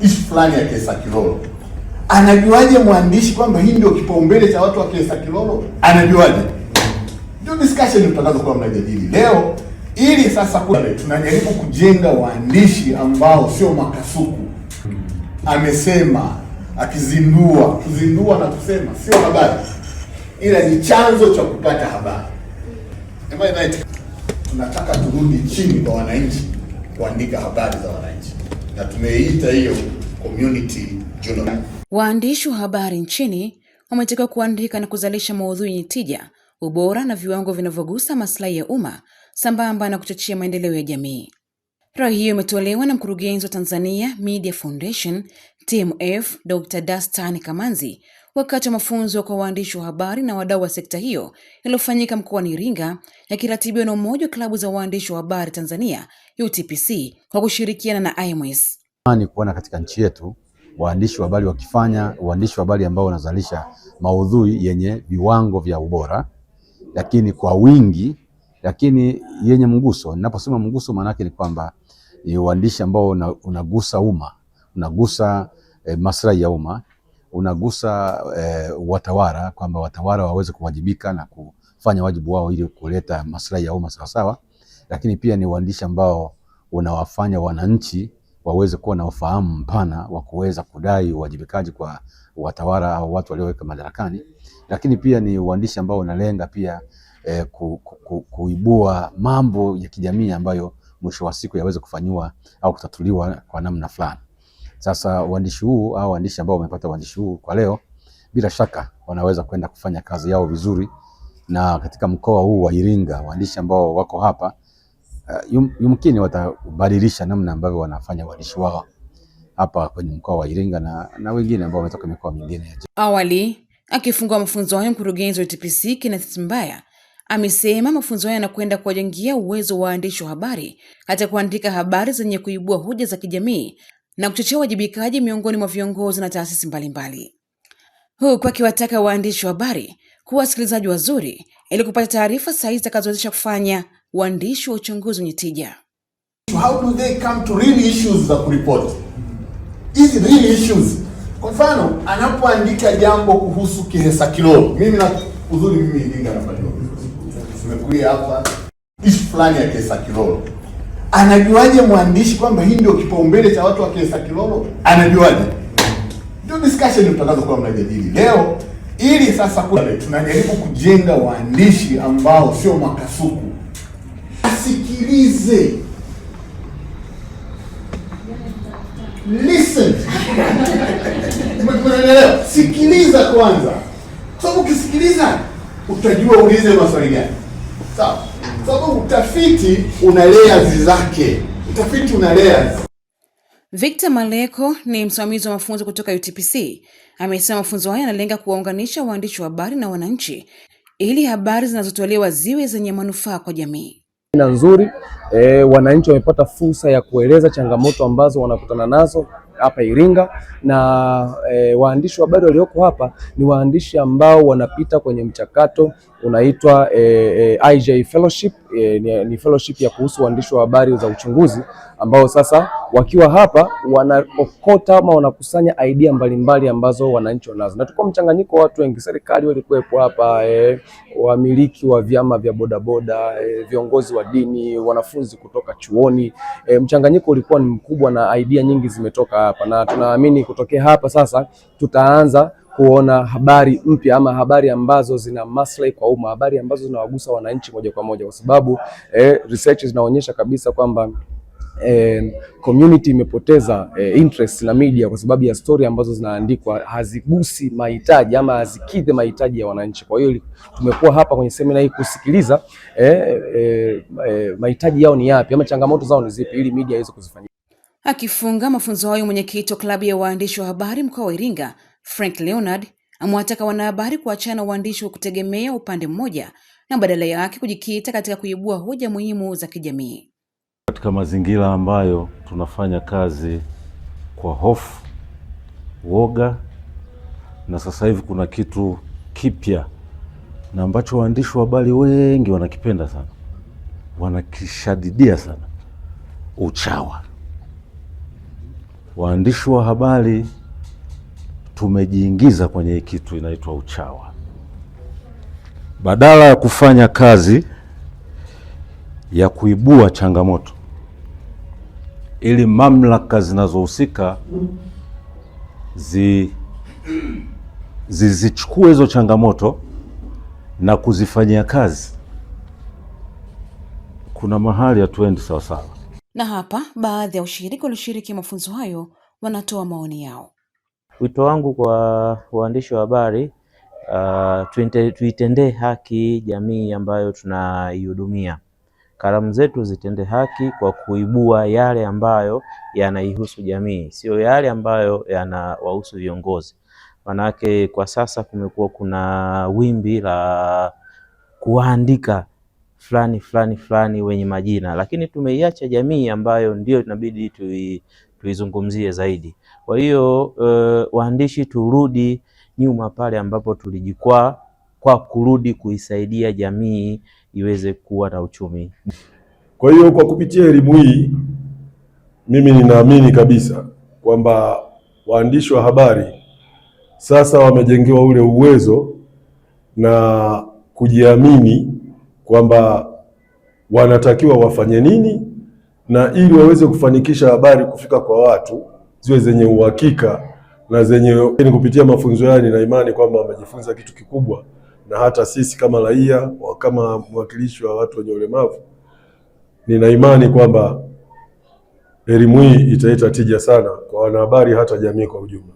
ishu fulani ya Kesa Kilolo. Anajuaje mwandishi kwamba hii ndio kipaumbele cha watu wa Kesa Kilolo? Anajuaje? Ndio discussion mtakazokuwa mnajadili leo, ili sasa kule tunajaribu kujenga waandishi ambao sio makasuku. Amesema akizindua, kuzindua na kusema sio habari, ila ni chanzo cha kupata habari. Tunataka turudi chini kwa wananchi kuandika habari za wananchi na tumeita hiyo community journal. Waandishi wa habari nchini wametakiwa kuandika na kuzalisha maudhui yenye tija, ubora na viwango vinavyogusa maslahi ya umma sambamba na kuchochea maendeleo ya jamii. Rai hiyo imetolewa na mkurugenzi wa Tanzania Media Foundation TMF, Dr. Dastan Kamanzi wakati wa mafunzo kwa waandishi wa habari na wadau wa sekta hiyo yaliyofanyika mkoani Iringa yakiratibiwa na Umoja wa Klabu za Waandishi wa Habari Tanzania UTPC kwa kushirikiana na IMS. Ni kuona katika nchi yetu waandishi wa habari wakifanya uandishi wa habari ambao wanazalisha maudhui yenye viwango vya ubora, lakini kwa wingi, lakini yenye mguso. Ninaposema mguso, maana yake ni kwamba ni uandishi ambao unagusa umma, unagusa eh, maslahi ya umma unagusa e, eh, watawara kwamba watawara waweze kuwajibika na kufanya wajibu wao ili kuleta maslahi ya umma sawasawa, lakini pia ni uandishi ambao unawafanya wananchi waweze kuwa na ufahamu mpana wa kuweza kudai uwajibikaji kwa watawala au watu walioweka madarakani, lakini pia ni uandishi ambao unalenga pia e, ku, ku, ku, kuibua mambo ya kijamii ambayo mwisho wa siku yaweze kufanyiwa au kutatuliwa kwa namna fulani. Sasa uandishi huu au waandishi ambao wamepata uandishi huu kwa leo, bila shaka wanaweza kwenda kufanya kazi yao vizuri, na katika mkoa huu wa Iringa waandishi ambao wako hapa uh, yum, yumkini watabadilisha namna ambavyo wanafanya uandishi wao hapa kwenye mkoa wa Iringa na, na wengine ambao wametoka mikoa mingine. Awali akifungua mafunzo hayo, mkurugenzi wa TPC Kenneth Simbaya amesema mafunzo hayo yanakwenda kuwajengia uwezo wa waandishi wa habari katika kuandika habari zenye kuibua hoja za kijamii na kuchochea uwajibikaji miongoni mwa viongozi na taasisi mbalimbali, huku akiwataka waandishi wa habari kuwa wasikilizaji wazuri ili kupata taarifa sahihi zitakazowezesha kufanya uandishi wa uchunguzi wenye tija. za kuripoti? Hizi real issues. Kwa mfano, anapoandika jambo kuhusu Kihesa kiloo mimi na uzuri mimi ilinga na hapa ishu fulani ya Kihesa kiloo Anajuaje mwandishi kwamba hii ndio kipaumbele cha watu wa Kesa Kilolo? Anajuaje? Ndio discussion mtakazokuwa mnajadili leo, ili sasa kule tunajaribu kujenga waandishi ambao sio makasuku, asikilize listen Mnaelewa? Sikiliza kwanza, kwa sababu ukisikiliza utajua uulize maswali gani. Sawa sababu utafiti una layers zake, utafiti una layers. Victor Maleko ni msimamizi wa mafunzo kutoka UTPC amesema mafunzo haya yanalenga kuwaunganisha waandishi wa habari na wananchi ili habari zinazotolewa ziwe zenye manufaa kwa jamii na nzuri. E, wananchi wamepata fursa ya kueleza changamoto ambazo wanakutana nazo hapa Iringa na e, waandishi wa habari walioko hapa ni waandishi ambao wanapita kwenye mchakato unaitwa e, e, IJ Fellowship e, ni, ni fellowship ya kuhusu waandishi wa habari za uchunguzi ambao sasa wakiwa hapa wanaokota ama wanakusanya idea mbalimbali ambazo wananchi wanazo, na tulikuwa mchanganyiko wa watu wengi, serikali walikuwepo hapa e, wamiliki wa vyama vya bodaboda e, viongozi wa dini, wanafunzi kutoka chuoni e, mchanganyiko ulikuwa ni mkubwa na idea nyingi zimetoka hapa, na tunaamini kutokea hapa sasa tutaanza kuona habari mpya ama habari ambazo zina maslahi kwa umma, habari ambazo zinawagusa wananchi moja kwa moja, kwa sababu eh, research zinaonyesha kabisa kwamba eh, community imepoteza eh, interest na media kwa sababu ya story ambazo zinaandikwa hazigusi mahitaji ama hazikidhi mahitaji ya wananchi. Kwa hiyo tumekuwa hapa kwenye seminar hii kusikiliza eh, eh, eh, mahitaji yao ni yapi ama changamoto zao ni zipi, ili media iweze kuzifanyia. Akifunga mafunzo hayo, mwenyekiti wa klabu ya waandishi wa habari mkoa wa Iringa Frank Leonard amewataka wanahabari kuachana na wa kutegemea upande mmoja na badala yake kujikita katika kuibua hoja muhimu za kijamii. Katika mazingira ambayo tunafanya kazi kwa hofu, woga, na sasa hivi kuna kitu kipya na ambacho waandishi wa habari wengi wanakipenda sana, wanakishadidia sana, uchawa. Waandishi wa habari tumejiingiza kwenye hii kitu inaitwa uchawa. Badala ya kufanya kazi ya kuibua changamoto ili mamlaka zinazohusika zi zizichukue hizo changamoto na kuzifanyia kazi, kuna mahali hatuendi sawasawa. Na hapa baadhi ya ushiriki walioshiriki mafunzo hayo wanatoa maoni yao. Wito wangu kwa waandishi wa habari uh, tuitendee haki jamii ambayo tunaihudumia. Kalamu zetu zitende haki kwa kuibua yale ambayo yanaihusu jamii, sio yale ambayo yanawahusu viongozi. Manake kwa sasa kumekuwa kuna wimbi la kuandika fulani fulani fulani wenye majina, lakini tumeiacha jamii ambayo ndio inabidi tui tuizungumzie zaidi. Kwa hiyo uh, waandishi, turudi nyuma pale ambapo tulijikwaa kwa kurudi kuisaidia jamii iweze kuwa na uchumi. Kwa hiyo kwa kupitia elimu hii, mimi ninaamini kabisa kwamba waandishi wa habari sasa wamejengewa ule uwezo na kujiamini kwamba wanatakiwa wafanye nini na ili waweze kufanikisha habari kufika kwa watu ziwe zenye uhakika na zenye kupitia mafunzo yao, nina imani kwamba wamejifunza kitu kikubwa, na hata sisi kama raia, kama mwakilishi wa watu wenye ulemavu, nina imani kwamba elimu hii italeta tija sana kwa wanahabari, hata jamii kwa ujumla.